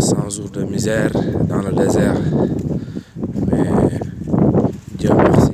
100 jours de misère dans le désert. Mais Dieu merci.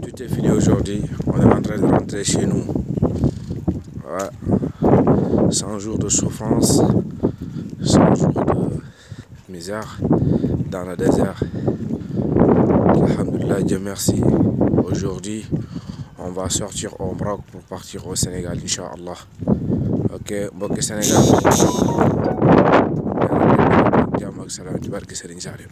Tout est fini aujourd'hui. On est en train de rentrer chez nous. ouais 100 jours de souffrance, 100 jours de misère dans le désert. Alhamdulillah, Dieu merci. Aujourd'hui, on va sortir au Maroc pour partir au Sénégal, Inch'Allah. ok mbokki Sénégal jàmm ak salaam ci barke Serigne Saliou